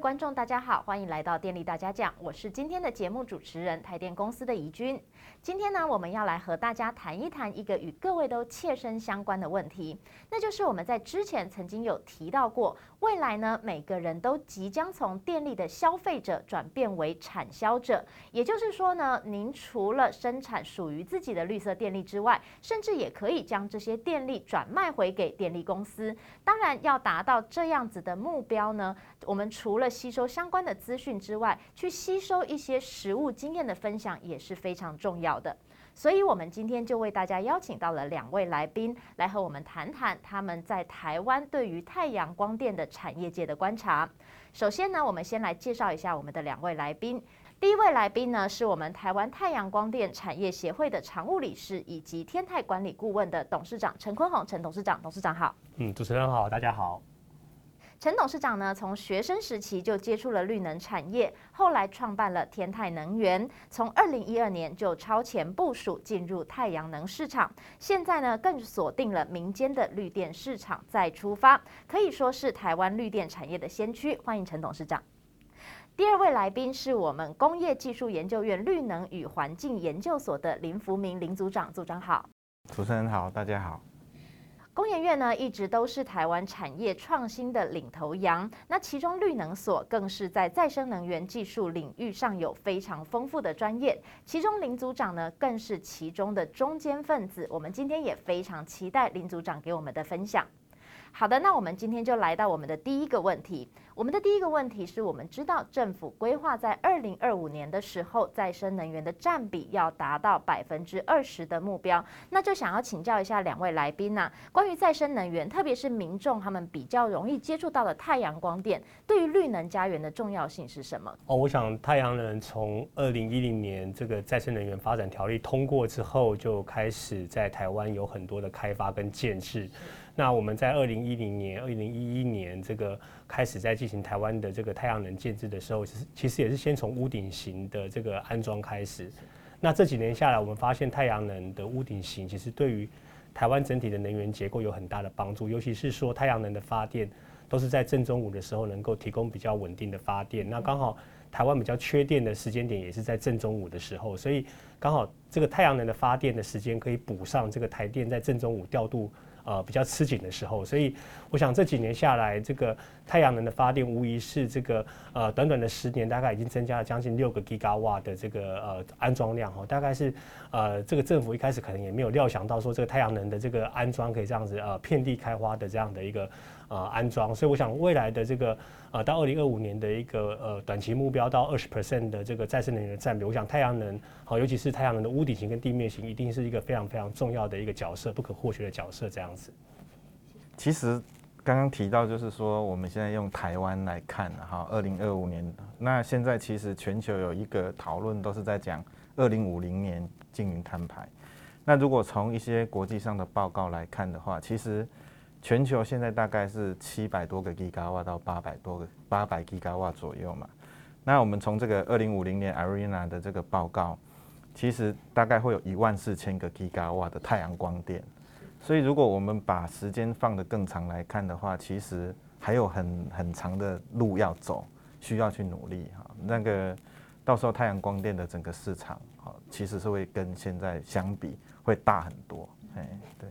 各位觀眾大家好，歡迎來到電力大家講，我是今天的節目主持人，台電公司的怡君。今天呢，我們要來和大家談一談一個與各位都切身相關的問題，那就是我們在之前曾經有提到過。未來呢，每個人都即將從電力的消費者轉變為產銷者。也就是說呢，您除了生產屬於自己的綠色電力之外，甚至也可以將這些電力轉賣回給電力公司。當然，要達到這樣子的目標呢，我們除了吸收相關的資訊之外，去吸收一些實務經驗的分享也是非常重要的。所以，我們今天就為大家邀請到了兩位來賓，來和我們談談他們在台灣對於太陽光電的產業界的觀察。首先呢，我們先來介紹一下我們的兩位來賓。第一位來賓呢，是我們台灣太陽光電產業協會的常務理事以及天泰管理顧問的董事長陳坤宏，陳董事長，董事長好。嗯，主持人好，大家好。陳董事長呢，從學生時期就接觸了綠能產業，後來創辦了天泰能源，從二零一二年就超前部署進入太陽能市場，現在呢更鎖定了民間的綠電市場再出發，可以說是台灣綠電產業的先驅。歡迎陳董事長。第二位來賓是我們工業技術研究院綠能與環境研究所的林福銘林組長，組長好。主持人好，大家好。工研院呢，一直都是台灣產業創新的領頭羊。那其中綠能所更是在再生能源技術領域上有非常豐富的專業。其中林組長呢，更是其中的中堅分子。我們今天也非常期待林組長給我們的分享。好的，那我們今天就來到我們的第一個問題。我們的第一個問題是，我們知道政府規劃在二零二五年的時候，再生能源的占比要達到百分之二十的目標。那就想要請教一下兩位來賓呢、啊，關於再生能源，特別是民眾他們比較容易接觸到的太陽光電，對於綠能家園的重要性是什麼？哦，我想太陽能從二零一零年這個再生能源發展條例通過之後，就開始在台灣有很多的開發跟建設。那我們在二零一零年、二零一一年這個開始在進行台灣的這個太陽能建置的時候，其實其實也是先從屋頂型的這個安裝開始。那這幾年下來，我們發現太陽能的屋頂型其實對於台灣整體的能源結構有很大的幫助，尤其是說太陽能的發電都是在正中午的時候能夠提供比較穩定的發電。那剛好台灣比較缺電的時間點也是在正中午的時候，所以剛好這個太陽能的發電的時間可以補上這個台電在正中午調度。呃，比較吃緊的時候，所以我想這幾年下來，這個太陽能的發電無疑是這個呃，短短的十年，大概已經增加了將近六個 Gigawatt 的這個呃安裝量哈、哦，大概是呃這個政府一開始可能也沒有料想到說這個太陽能的這個安裝可以這樣子呃遍地開花的這樣的一個。呃，安裝，所以我想未來的這個，呃，到二零二五年的一個呃短期目標，到20，到二十 percent 的這個再生能源的占比，我想太陽能，好、呃，尤其是太陽能的屋頂型跟地面型，一定是一個非常非常重要的一個角色，不可或缺的角色。這樣子。其實剛剛提到就是說，我們現在用台灣來看，哈，二零二五年。那現在其實全球有一個討論，都是在講二零五零年淨零碳排。那如果從一些國際上的報告來看的話，其實。全球現在大概是七百多個 Gigawatt 到八百多個八百 Gigawatt 左右嘛。那我們從這個二零五零年 IRENA 的這個報告，其實大概會有一萬四千個 Gigawatt 的太陽光電。所以如果我們把時間放得更長來看的話，其實還有很很長的路要走，需要去努力哈。那個到時候太陽光電的整個市場，其實是會跟現在相比會大很多。哎，對。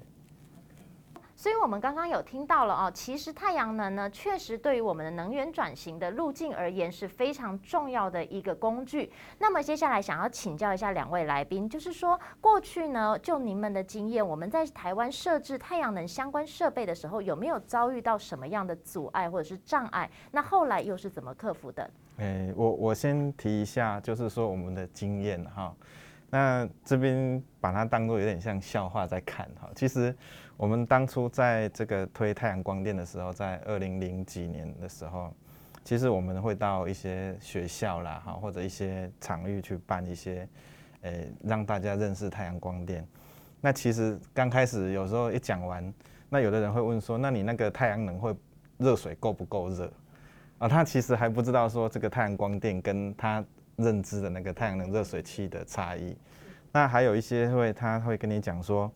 所以，我們剛剛有聽到了哦，其實太陽能呢，確實對於我們的能源轉型的路徑而言是非常重要的一個工具。那麼，接下來想要請教一下兩位來賓，就是說，過去呢，就您們的經驗，我們在台灣設置太陽能相關設備的時候，有沒有遭遇到什麼樣的阻礙或者是障礙？那後來又是怎麼克服的？誒，我我先提一下，就是說我們的經驗哈，那這邊把它當做有點像笑話在看哈，其實。我們當初在這個推太陽光電的時候，在二零零幾年的時候，其實我們會到一些學校啦，哈，或者一些場域去辦一些，呃、哎，讓大家認識太陽光電。那其實剛開始有時候一講完，那有的人會問說，那你那個太陽能會熱水夠不夠熱？啊，他其實還不知道說這個太陽光電跟他認知的那個太陽能熱水器的差異。那還有一些會，他會跟你講說。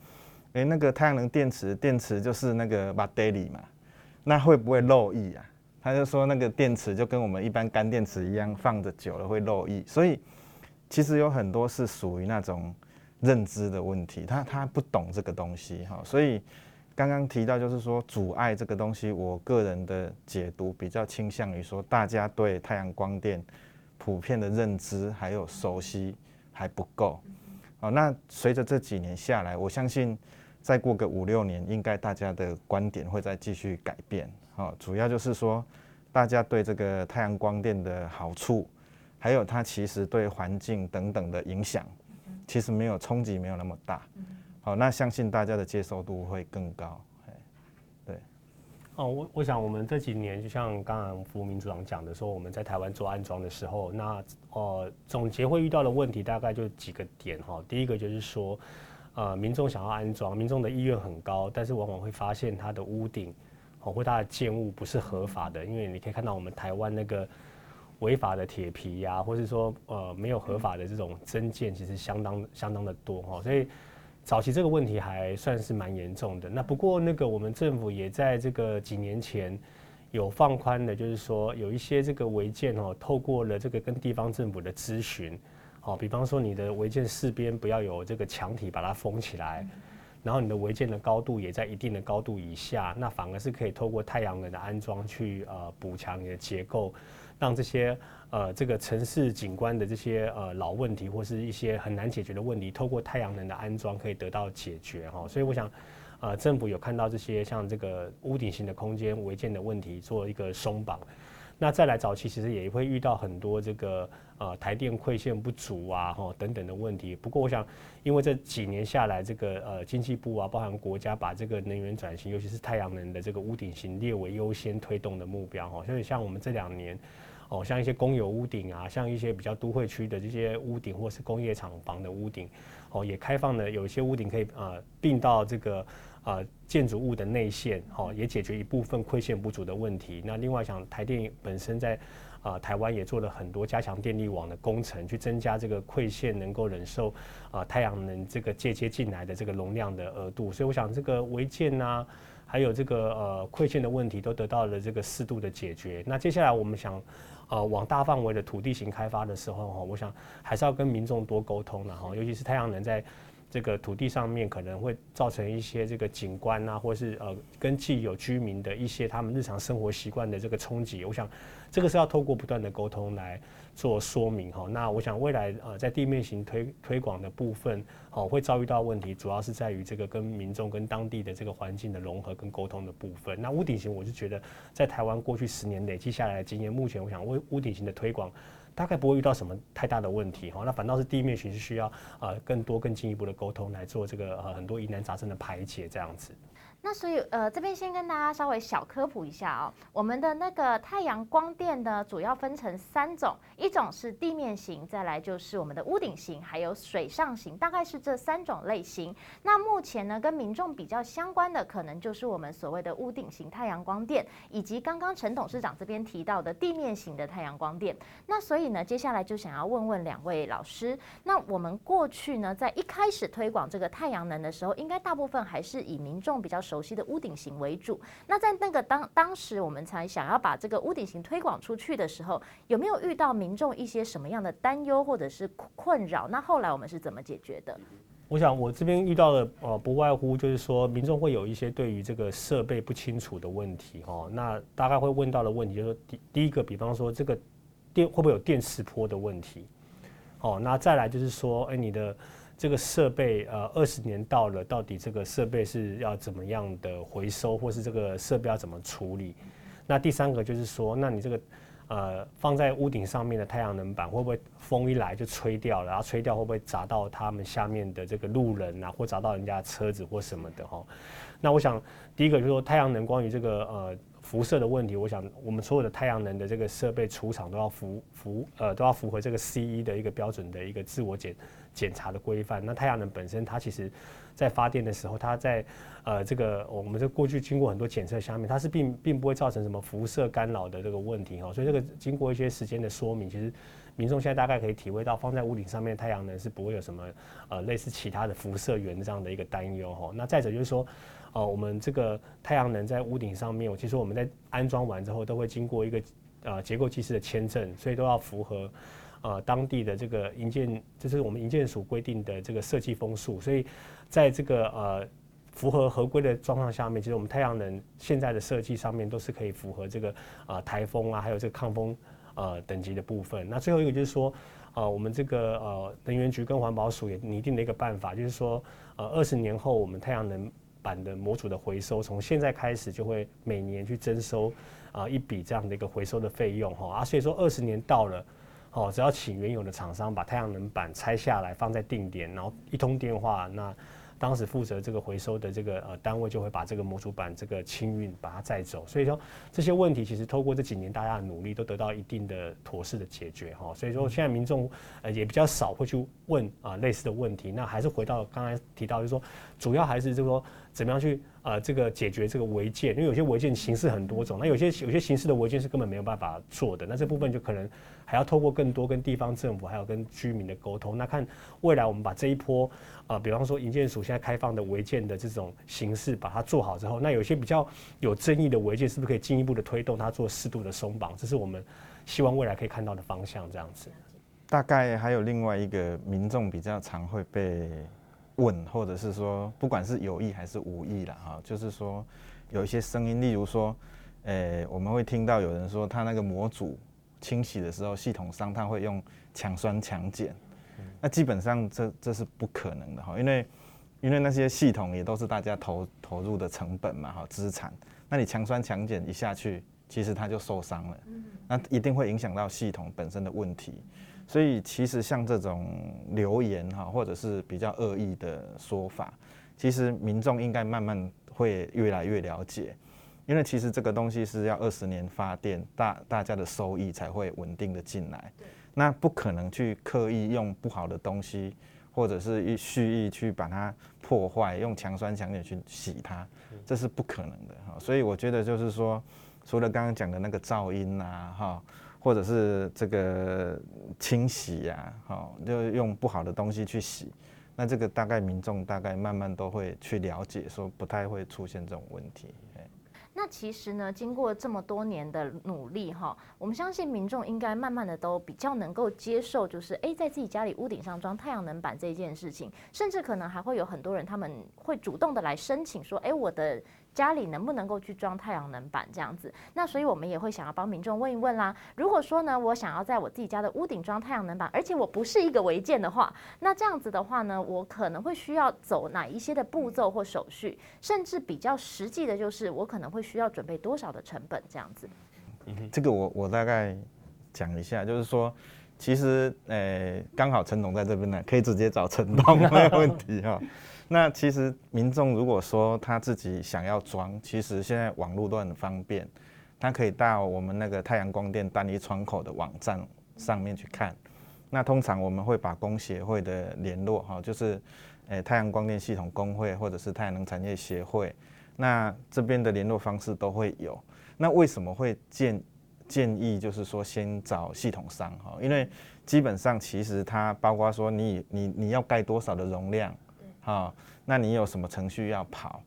誒、欸，那個太陽能電池，電池就是那個馬德里 y 嘛，那會不會漏液啊？他就說那個電池就跟我們一般乾電池一樣，放着久了會漏液，所以其實有很多是屬於那種認知的問題，他他不懂這個東西哈，所以剛剛提到就是說阻礙這個東西，我個人的解讀比較傾向於說，大家對太陽光電普遍的認知還有熟悉還不夠，好，那隨着這幾年下來，我相信。再過個五六年，應該大家的觀點會再繼續改變。好，主要就是說，大家對這個太陽光電的好處，還有它其實對環境等等的影響，其實沒有衝擊，沒有那麼大。好，那相信大家的接受度會更高對、嗯。對。哦，我我想我們這幾年，就像剛剛福銘組長講的說，我們在台灣做安裝的時候，那哦，總結會遇到的問題大概就幾個點哈。第一個就是說。呃，民眾想要安裝，民眾的意願很高，但是往往會發現他的屋頂，哦，或他的建物不是合法的，因為你可以看到我們台灣那個違法的鐵皮呀、啊，或是說呃沒有合法的這種增建，其實相當相當的多哈、哦，所以早期這個問題還算是蠻嚴重的。那不過那個我們政府也在這個幾年前有放寬的，就是說有一些這個違建哦，透過了這個跟地方政府的諮詢。好、哦，比方說你的違建四邊不要有這個牆體把它封起來，然後你的違建的高度也在一定的高度以下，那反而是可以透過太陽能的安裝去呃補強你的結構，讓這些呃這個城市景觀的這些呃老問題或是一些很難解決的問題，透過太陽能的安裝可以得到解決哦，所以我想，呃，政府有看到這些像這個屋頂型的空間違建的問題做一個鬆綁。那再來，早期其實也會遇到很多這個呃台電饋線不足啊吼、哦、等等的問題。不過我想，因為這幾年下來這個呃經濟部啊，包含國家把這個能源轉型，尤其是太陽能的這個屋頂型列為優先推動的目標哦。所以像我們這兩年哦，像一些公有屋頂啊，像一些比較都會區的這些屋頂或是工業廠房的屋頂哦，也開放了，有一些屋頂可以啊、呃、並到這個。啊、呃，建築物的內線，哦，也解決一部分饋線不足的問題。那另外想，台電本身在啊、呃，台灣也做了很多加強電力網的工程，去增加這個饋線能夠忍受啊、呃，太陽能這個間接進來的這個容量的額度。所以我想，這個違建啊，還有這個呃饋線的問題，都得到了這個適度的解決。那接下來我們想，呃，往大範圍的土地型開發的時候，哈、哦，我想還是要跟民眾多溝通的、啊、哈，尤其是太陽能在。這個土地上面可能會造成一些這個景觀啊，或者是呃跟既有居民的一些他們日常生活習慣的這個衝擊。我想這個是要透過不斷的溝通來做說明哈。那我想未來呃在地面型推推廣的部分，好會遭遇到問題，主要是在於這個跟民眾跟當地的這個環境的融合跟溝通的部分。那屋頂型，我就覺得在台灣過去十年累積下來的經驗，目前我想為屋頂型的推廣。大概不會遇到什麼太大的問題哈，那反倒是地面其實需要呃更多更進一步的溝通來做這個很多疑難雜症的排解這樣子。那所以，呃，這邊先跟大家稍微小科普一下哦。我們的那個太陽光電呢，主要分成三種，一種是地面型，再來就是我們的屋頂型，還有水上型，大概是這三種類型。那目前呢，跟民眾比較相關的，可能就是我們所謂的屋頂型太陽光電，以及剛剛陳董事長這邊提到的地面型的太陽光電。那所以呢，接下來就想要問問兩位老師，那我們過去呢，在一開始推廣這個太陽能的時候，應該大部分還是以民眾比較。熟悉的屋頂型為主。那在那個當當時，我們才想要把這個屋頂型推廣出去的時候，有沒有遇到民眾一些什麼樣的擔憂或者是困擾？那後來我們是怎麼解決的？我想我這邊遇到的，呃，不外乎就是說，民眾會有一些對於這個設備不清楚的問題哦。那大概會問到的問題就是第，第一個，比方說這個電會不會有電磁波的問題？哦，那再來就是說，哎、欸，你的。這個設備呃，二十年到了，到底這個設備是要怎麼樣的回收，或是這個設備要怎麼處理？那第三個就是說，那你這個呃放在屋頂上面的太陽能板，會不會風一來就吹掉了？然後吹掉會不會砸到他們下面的這個路人啊，或砸到人家車子或什麼的哈？那我想，第一個就是說太陽能關於這個呃輻射的問題，我想我們所有的太陽能的這個設備出廠都要符符呃都要符合這個 CE 的一個標準的一個自我檢。檢查的規範，那太陽能本身它其實，在發電的時候，它在，呃，這個我們這過去經過很多檢測下面，它是並並不會造成什麼輻射干擾的這個問題哈，所以這個經過一些時間的說明，其實民眾現在大概可以體會到，放在屋頂上面太陽能是不會有什麼呃類似其他的輻射源這樣的一個擔憂哈。那再者就是說，哦，呃，我們這個太陽能在屋頂上面，我其實我們在安裝完之後都會經過一個呃結構技師的簽證，所以都要符合。呃，當地的這個營建，這、就是我們營建署規定的這個設計風速，所以在這個呃符合合規的狀況下面，其、就、實、是、我們太陽能現在的設計上面都是可以符合這個啊台、呃、風啊，還有這個抗風呃等級的部分。那最後一個就是說，啊、呃，我們這個呃能源局跟環保署也擬定了一個辦法，就是說呃二十年後我們太陽能板的模組的回收，從現在開始就會每年去徵收啊、呃、一筆這樣的一個回收的費用哈啊，所以說二十年到了。哦，只要請原有的廠商把太陽能板拆下來，放在定點，然後一通電話，那當時負責這個回收的這個呃單位就會把這個模組板這個清運，把它載走。所以說這些問題，其實透過這幾年大家的努力，都得到一定的妥適的解決。哈，所以說現在民眾呃也比較少會去問啊類似的問題。那還是回到剛才提到，就是說主要還是就是說怎麼樣去呃這個解決這個違建，因為有些違建形式很多種，那有些有些形式的違建是根本沒有辦法做的，那這部分就可能。還要透過更多跟地方政府，還有跟居民的溝通，那看未來我們把這一波，啊、呃，比方說營建署現在開放的違建的這種形式，把它做好之後，那有些比較有爭議的違建，是不是可以進一步的推動它做適度的鬆綁？這是我們希望未來可以看到的方向，這樣子。大概還有另外一個民眾比較常會被問，或者是說，不管是有意還是無意的哈，就是說有一些聲音，例如說，呃、欸，我們會聽到有人說他那個模組。清洗的時候，系統商他會用強酸強鹼，那基本上這這是不可能的哈，因為因為那些系統也都是大家投投入的成本嘛哈資產，那你強酸強鹼一下去，其實它就受傷了，那一定會影響到系統本身的問題，所以其實像這種留言哈或者是比較惡意的說法，其實民眾應該慢慢會越來越了解。因為其實這個東西是要二十年發電，大大家的收益才會穩定的進來。那不可能去刻意用不好的東西，或者是蓄意去把它破壞，用強酸強鹼去洗它，這是不可能的哈。所以我覺得就是說，除了剛剛講的那個噪音啊哈，或者是這個清洗呀、啊，就用不好的東西去洗，那這個大概民眾大概慢慢都會去了解，說不太會出現這種問題。那其實呢，經過這麼多年的努力哈，我們相信民眾應該慢慢的都比較能夠接受，就是誒，在自己家裡屋頂上裝太陽能板這件事情，甚至可能還會有很多人他們會主動的來申請說，哎，我的。家裡能不能夠去裝太陽能板這樣子？那所以我們也會想要幫民眾問一問啦。如果說呢，我想要在我自己家的屋頂裝太陽能板，而且我不是一個違建的話，那這樣子的話呢，我可能會需要走哪一些的步驟或手續？甚至比較實際的就是，我可能會需要準備多少的成本這樣子？這個我我大概講一下，就是說，其實誒、呃，剛好陳總在這邊呢，可以直接找陳總沒有問題哈、哦。 那其實民眾如果說他自己想要裝，其實現在網絡都很方便，他可以到我們那個太陽光電單一窗口的網站上面去看。那通常我們會把工協會的聯絡哈，就是，誒太陽光電系統工會或者是太陽能產業協會，那這邊的聯絡方式都會有。那為什麼會建建議就是說先找系統商哈？因為基本上其實它包括說你你你要蓋多少的容量。好，那你有什麼程序要跑？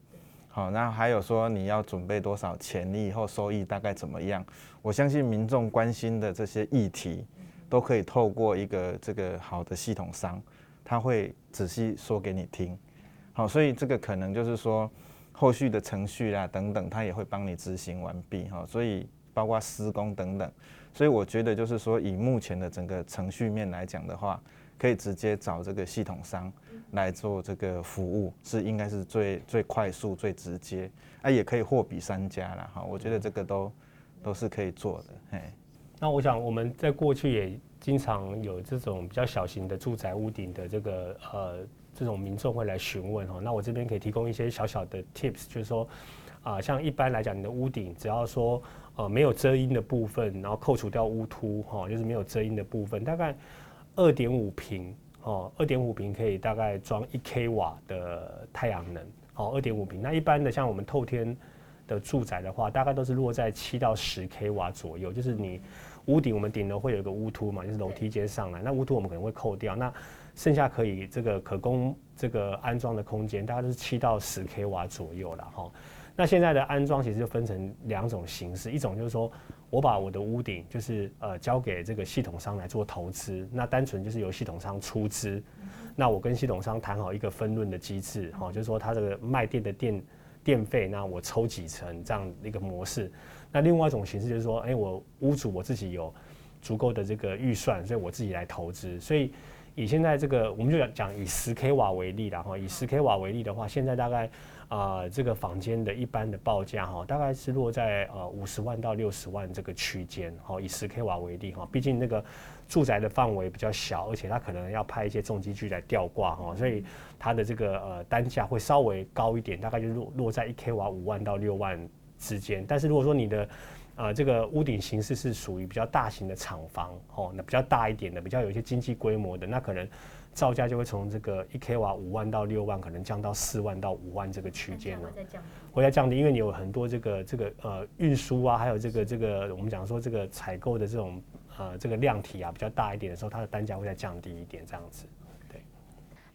好，然後還有說你要準備多少錢，你以後收益大概怎麼樣？我相信民眾關心的這些議題，都可以透過一個這個好的系統商，他會仔細說給你聽。好，所以這個可能就是說後續的程序啊等等，他也會幫你執行完畢哈。所以包括施工等等，所以我覺得就是說以目前的整個程序面來講的話。可以直接找這個系統商來做這個服務，是應該是最最快速、最直接。啊，也可以貨比三家啦哈。我覺得這個都都是可以做的嘿。那我想我們在過去也經常有這種比較小型的住宅屋頂的這個呃這種民眾會來詢問哈、喔。那我這邊可以提供一些小小的 tips，就是說啊、呃，像一般來講，你的屋頂只要說呃沒有遮陰的部分，然後扣除掉屋凸哈，就是沒有遮陰的部分，大概。二點五平哦，二點五平可以大概裝一 k 瓦的太陽能哦，二點五平。那一般的像我們透天的住宅的話，大概都是落在七到十 k 瓦左右。就是你屋頂，我們頂樓會有一個屋凸嘛，就是樓梯間上來，那屋凸我們可能會扣掉，那剩下可以這個可供這個安裝的空間，大概都是七到十 k 瓦左右了哈、哦。那現在的安裝其實就分成兩種形式，一種就是說。我把我的屋頂就是呃交給這個系統商來做投資，那單純就是由系統商出資。那我跟系統商談好一個分潤的機制，哈，就是說他這個賣電的電電費，那我抽幾成這樣一個模式。那另外一種形式就是說，哎、欸，我屋主我自己有足夠的這個預算，所以我自己來投資。所以以現在這個，我們就講講以十 k 瓦為例，然後以十 k 瓦為例的話，現在大概。啊、呃，這個房間的一般的報價哈、哦，大概是落在呃五十萬到六十萬這個區間哈。以十 k 瓦為例哈，畢竟、哦，那個住宅的範圍比較小，而且它可能要派一些重機具來吊掛哈、哦，所以它的這個呃單價會稍微高一點，大概就落落在一 k 瓦五萬到六萬之間。但是如果說你的啊、呃、這個屋頂形式是屬於比較大型的廠房哦，那比較大一點的，比較有一些經濟規模的，那可能。造價就會從這個一 k 瓦五萬到六萬，可能降到四萬到五萬這個區間了。再降，會 再樂降低，因為你有很多這個這個呃運輸啊，還有這個這個我們講說這個採購的這種呃這個量體啊比較大一點的時候，它的單價會再降低一點這樣子。對，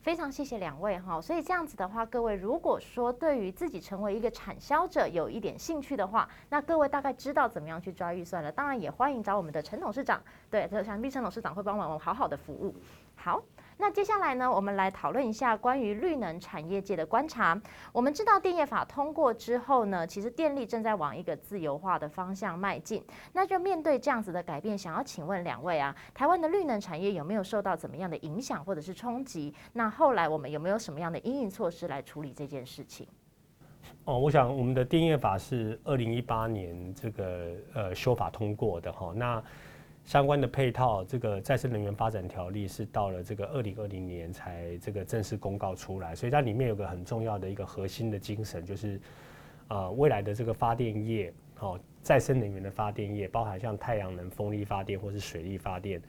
非常謝謝兩位哈、哦。所以這樣子的話，各位如果說對於自己成為一個產銷者有一點興趣的話，那各位大概知道怎麼樣去抓預算了。當然也歡迎找我們的陳董事長，對，想必陳董事長會幫忙我們好好的服務。好。那接下來呢，我們來討論一下關於綠能產業界的觀察。我們知道電業法通過之後呢，其實電力正在往一個自由化的方向邁進。那就面對這樣子的改變，想要請問兩位啊，台灣的綠能產業有沒有受到怎麼樣的影響或者是衝擊？那後來我們有沒有什麼樣的因應措施來處理這件事情？哦，我想我們的電業法是二零一八年這個呃修法通過的哈，那。相關的配套，這個再生能源發展條例是到了這個二零二零年才這個正式公告出來，所以它裡面有個很重要的一個核心的精神，就是啊、呃、未來的這個發電業，好、哦、再生能源的發電業，包含像太陽能、風力發電或是水力發電，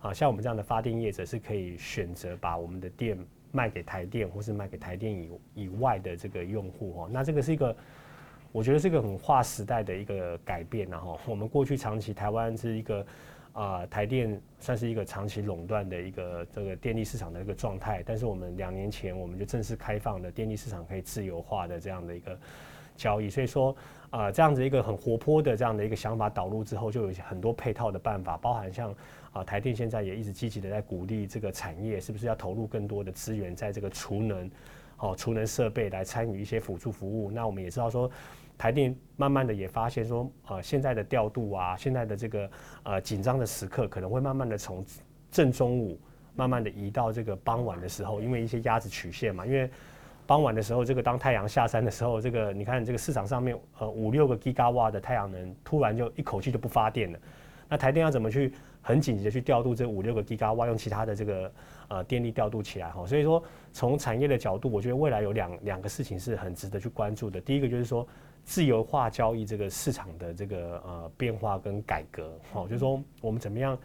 啊、哦、像我們這樣的發電業者是可以選擇把我們的電賣給台電，或是賣給台電以以外的這個用戶哦，那這個是一個。我覺得這個很劃時代的一個改變，然後我們過去長期台灣是一個啊、呃、台電算是一個長期壟斷的一個這個電力市場的一個狀態，但是我們兩年前我們就正式開放了電力市場可以自由化的這樣的一個交易，所以說啊、呃、這樣子一個很活潑的這樣的一個想法導入之後，就有很多配套的辦法，包含像啊、呃、台電現在也一直積極的在鼓勵這個產業是不是要投入更多的資源在這個儲能。哦，儲能設備來參與一些輔助服務。那我們也知道說，台電慢慢的也發現說，呃，現在的調度啊，現在的這個呃緊張的時刻，可能會慢慢的從正中午慢慢的移到這個傍晚的時候，因為一些鴨子曲線嘛。因為傍晚的時候，這個當太陽下山的時候，這個你看你這個市場上面呃五六個吉瓦的太陽能突然就一口氣就不發電了，那台電要怎麼去很緊急的去調度這五六個 G 瓦，用其他的這個呃電力調度起來哈。所以說，從產業的角度，我覺得未來有兩兩個事情是很值得去關注的。第一個就是說，自由化交易這個市場的這個呃變化跟改革，哈，就是說我們怎麼樣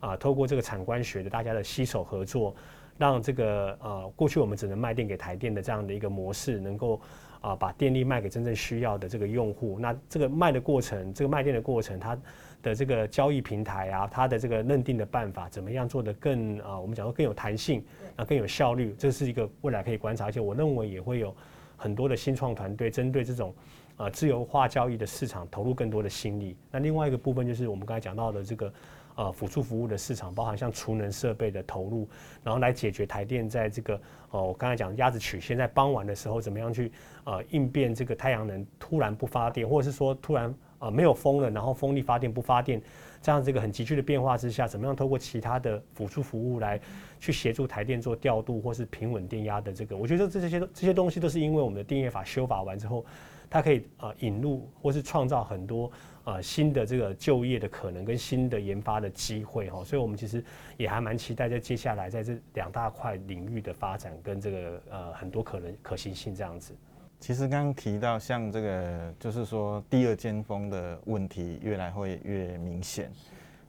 啊，透過這個產官學的大家的攜手合作，讓這個呃過去我們只能賣電給台電的這樣的一個模式，能夠啊把電力賣給真正需要的這個用戶。那這個賣的過程，這個賣電的過程，它的這個交易平台啊，它的這個認定的辦法怎麼樣做得更啊、呃，我們講說更有彈性，那、啊、更有效率，這是一個未來可以觀察。而且我認為也會有很多的新創團隊針對這種啊、呃、自由化交易的市場投入更多的心力。那另外一個部分就是我們剛才講到的這個呃輔助服務的市場，包含像儲能設備的投入，然後來解決台電在這個哦、呃、我剛才講鴨子曲線在傍晚的時候怎麼樣去啊、呃、應變這個太陽能突然不發電，或者是說突然。啊，沒有風了，然後風力發電不發電，這樣這個很急劇的變化之下，怎麼樣透過其他的輔助服務來去協助台電做調度或是平穩電壓的這個？我覺得這這些這些東西都是因為我們的電業法修法完之後，它可以啊引入或是創造很多啊新的這個就業的可能跟新的研發的機會哈，所以我們其實也還蠻期待在接下來在這兩大塊領域的發展跟這個呃很多可能可行性這樣子。其實剛剛提到像這個，就是說第二尖峰的問題越來會越明顯。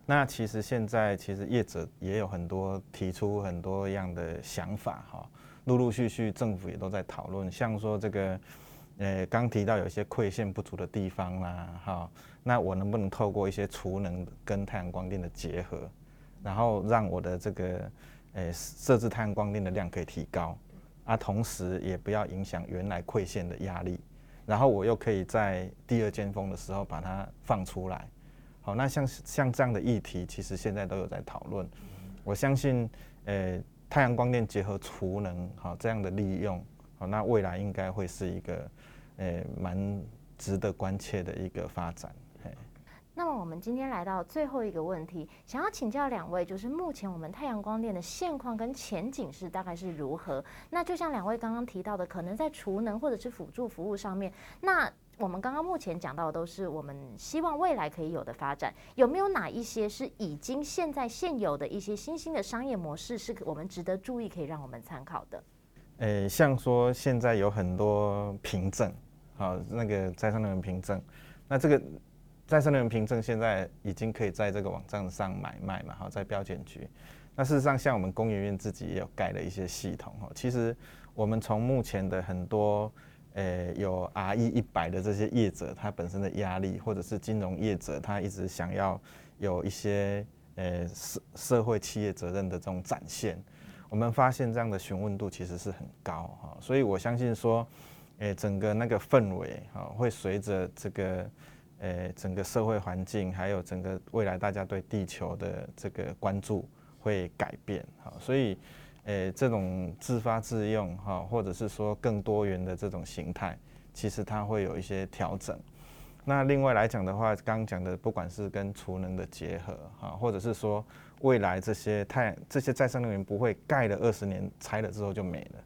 那其實現在其實業者也有很多提出很多樣的想法哈，陸陸續續政府也都在討論，像說這個，呃，剛提到有些饋線不足的地方啦，哈，那我能不能透過一些儲能跟太陽光電的結合，然後讓我的這個呃設置太陽光電的量可以提高。啊，同時也不要影響原來饋線的壓力，然後我又可以在第二尖峰的時候把它放出來。好，那像像這樣的議題，其實現在都有在討論、嗯。我相信，呃、欸，太陽光電結合儲能，好，這樣的利用，好，那未來應該會是一個，呃、欸，蠻值得關切的一個發展。那麼我們今天來到最後一個問題，想要請教兩位，就是目前我們太陽光電的現況跟前景是大概是如何？那就像兩位剛剛提到的，可能在儲能或者是輔助服務上面，那我們剛剛目前講到的都是我們希望未來可以有的發展，有沒有哪一些是已經現在現有的一些新興的商業模式，是我們值得注意可以讓我們參考的？誒，像說現在有很多憑證，好，那個再生能源憑證，那這個。再生能源憑證現在已經可以在這個網站上買賣嘛，哈，在標檢局。那事實上，像我們工研院自己也有蓋了一些系統哈，其實我們從目前的很多，誒、呃、有 RE 一百的這些業者，他本身的壓力，或者是金融業者，他一直想要有一些，誒、呃、社社會企業責任的這種展現。我們發現這樣的詢問度其實是很高哈，所以我相信說，誒、呃、整個那個氛圍哈，會隨着這個。呃，整個社會環境，還有整個未來，大家對地球的這個關注會改變，哈，所以，呃，這種自發自用，哈，或者是說更多元的這種形態，其實它會有一些調整。那另外來講的話，剛剛講的不管是跟儲能的結合，哈，或者是說未來這些太這些再生能源不會蓋了二十年拆了之後就沒了，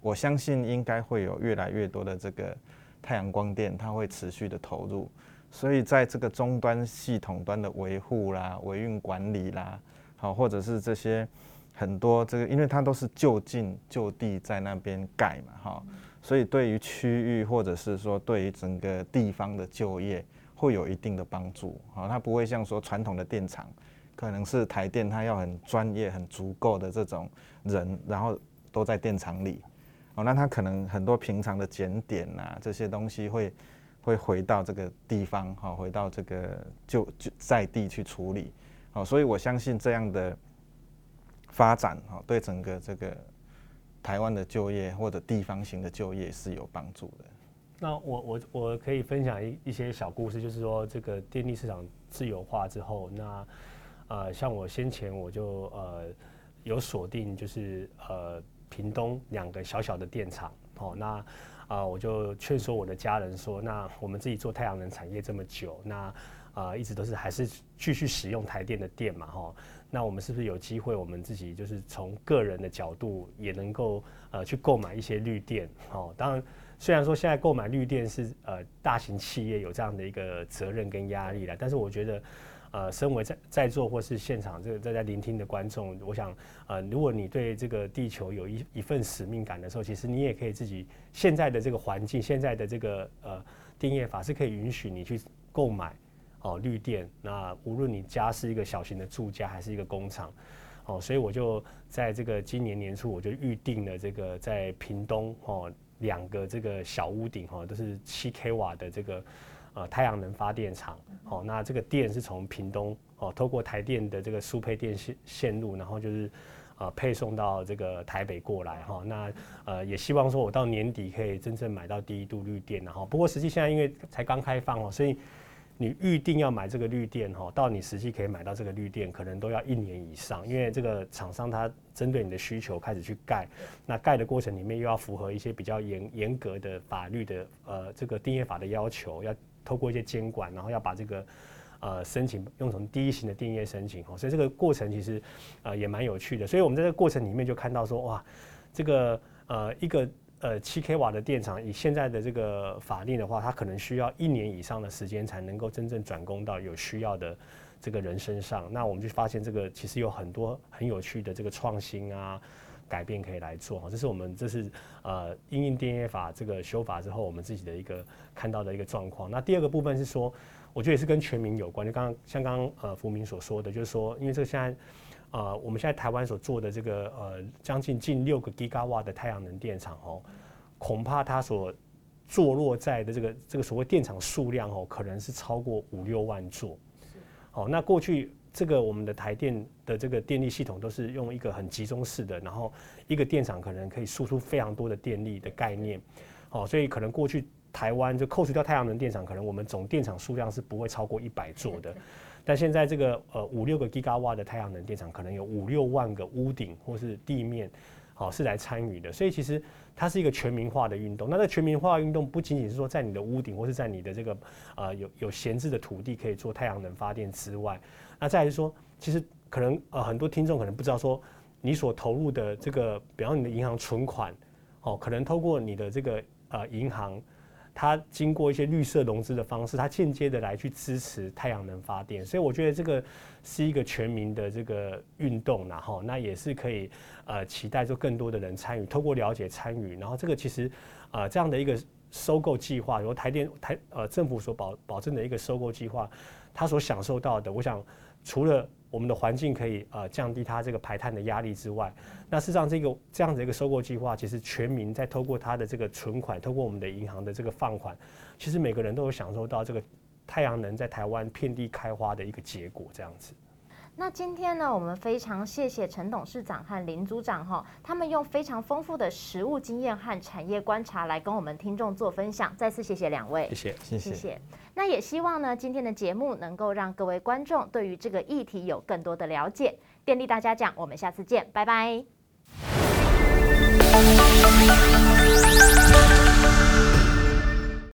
我相信應該會有越來越多的這個太陽光電，它會持續的投入。所以在這個終端系統端的維護啦、維運管理啦，好，或者是這些很多這個，因為它都是就近就地在那邊蓋嘛，哈，所以對於區域或者是說對於整個地方的就業會有一定的幫助，哈，它不會像說傳統的電廠，可能是台電它要很專業、很足夠的這種人，然後都在電廠裡，哦，那它可能很多平常的檢點吶、啊、這些東西會。會回到這個地方哈，回到這個就就在地去處理，好，所以我相信這樣的發展哈，對整個這個台灣的就業或者地方型的就業是有幫助的。那我我我可以分享一一些小故事，就是說這個電力市場自由化之後，那呃，像我先前我就呃有鎖定，就是呃屏東兩個小小的電廠，哦那。啊，我就勸說我的家人說，那我們自己做太陽能產業這麼久，那啊、呃、一直都是還是繼續使用台電的電嘛，吼、哦，那我們是不是有機會，我們自己就是從個人的角度也能夠呃去購買一些綠電？哦，當然，雖然說現在購買綠電是呃大型企業有這樣的一個責任跟壓力啦，但是我覺得。呃，身為在在座或是現場這個在在聆聽的觀眾，我想，呃，如果你對這個地球有一一份使命感的時候，其實你也可以自己現在的這個環境，現在的這個呃，電業法是可以允許你去購買哦、呃、綠電。那無論你家是一個小型的住家還是一個工廠，哦、呃，所以我就在這個今年年初我就預定了這個在屏東哦兩、呃、個這個小屋頂哦、呃、都是七 k 瓦的這個。啊、呃，太陽能發電廠，好、哦，那這個電是從屏東哦，透過台電的這個輸配電線線路，然後就是呃配送到這個台北過來哈、哦，那呃也希望說我到年底可以真正買到第一度綠電，然後、哦、不過實際現在因為才剛開放哦，所以你預定要買這個綠電哈、哦，到你實際可以買到這個綠電，可能都要一年以上，因為這個廠商他針對你的需求開始去蓋，那蓋的過程裡面又要符合一些比較嚴嚴格的法律的呃這個定業法的要求要。透過一些監管，然後要把這個呃申請用從第一型的電業申請。所以這個過程其實呃也蠻有趣的。所以我們在這個過程裡面就看到說，哇，這個呃一個呃七 k 瓦的電廠以現在的這個法令的話，它可能需要一年以上的時間才能夠真正轉供到有需要的這個人身上。那我們就發現這個其實有很多很有趣的這個創新啊。改變可以來做哈，這是我們這是呃因應電業法這個修法之後我們自己的一個看到的一個狀況。那第二個部分是說，我覺得也是跟全民有關，就剛剛像剛呃福銘所說的，就是說，因為這個現在啊，我們現在台灣所做的這個呃將近近六個 G 瓦的太陽能電廠哦，恐怕它所坐落在的這個這個所謂電廠數量哦，可能是超過五六萬座。是。好，那過去。這個我們的台電的這個電力系統都是用一個很集中式的，然後一個電廠可能可以輸出非常多的電力的概念，哦，所以可能過去台灣就扣除掉太陽能電廠，可能我們總電廠數量是不會超過一百座的。但現在這個呃五六個 Gigawatt 的太陽能電廠，可能有五六萬個屋頂或是地面，好、哦，是來參與的。所以其實它是一個全民化的運動。那這全民化運動不僅僅是說在你的屋頂或是在你的這個啊、呃、有有閒置的土地可以做太陽能發電之外。那再來說，其實可能呃很多聽眾可能不知道說，你所投入的這個，比方你的銀行存款，哦，可能透過你的這個呃銀行，它經過一些綠色融資的方式，它間接的來去支持太陽能發電。所以我覺得這個是一個全民的這個運動，然後，哦，那也是可以呃期待着更多的人參與，透過了解參與，然後這個其實啊、呃、這樣的一個收購計劃，由台電台呃政府所保保證的一個收購計劃，它所享受到的，我想。除了我們的環境可以呃降低它這個排碳的壓力之外，那事實上這個這樣子一個收購計劃，其實全民在透過它的這個存款，透過我們的銀行的這個放款，其實每個人都有享受到這個太陽能在台灣遍地開花的一個結果，這樣子。那今天呢，我們非常謝謝陳董事長和林組長哈、哦，他們用非常豐富的實務經驗和產業觀察來跟我們聽眾做分享，再次謝謝兩位，謝謝謝謝，謝謝。那也希望呢，今天的節目能夠讓各位觀眾對於這個議題有更多的了解，電力大家講。我們下次見，拜拜。